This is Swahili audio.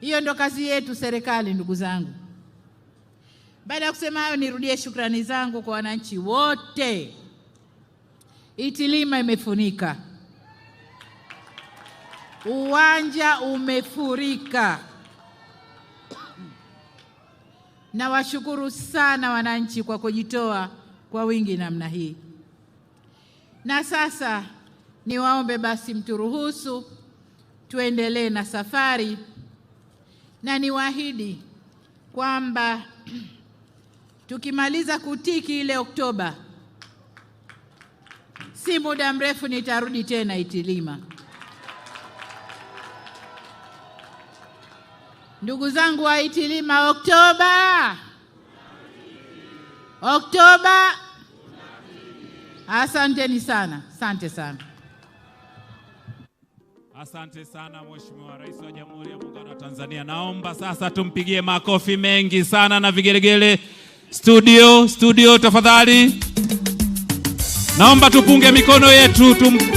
Hiyo ndo kazi yetu serikali, ndugu zangu. Baada ya kusema hayo, nirudie shukrani zangu kwa wananchi wote. Itilima imefunika, uwanja umefurika. Nawashukuru sana wananchi kwa kujitoa kwa wingi namna hii. Na sasa niwaombe basi mturuhusu tuendelee na safari na niwaahidi kwamba tukimaliza kutiki ile Oktoba, si muda mrefu nitarudi tena Itilima. Ndugu zangu wa Itilima, Oktoba, Oktoba! Asanteni sana, asante sana, asante sana Mheshimiwa Rais wa Jamhuri ya Muungano Tanzania. Naomba sasa tumpigie makofi mengi sana na vigelegele. Studio, studio tafadhali, naomba tupunge mikono yetu tum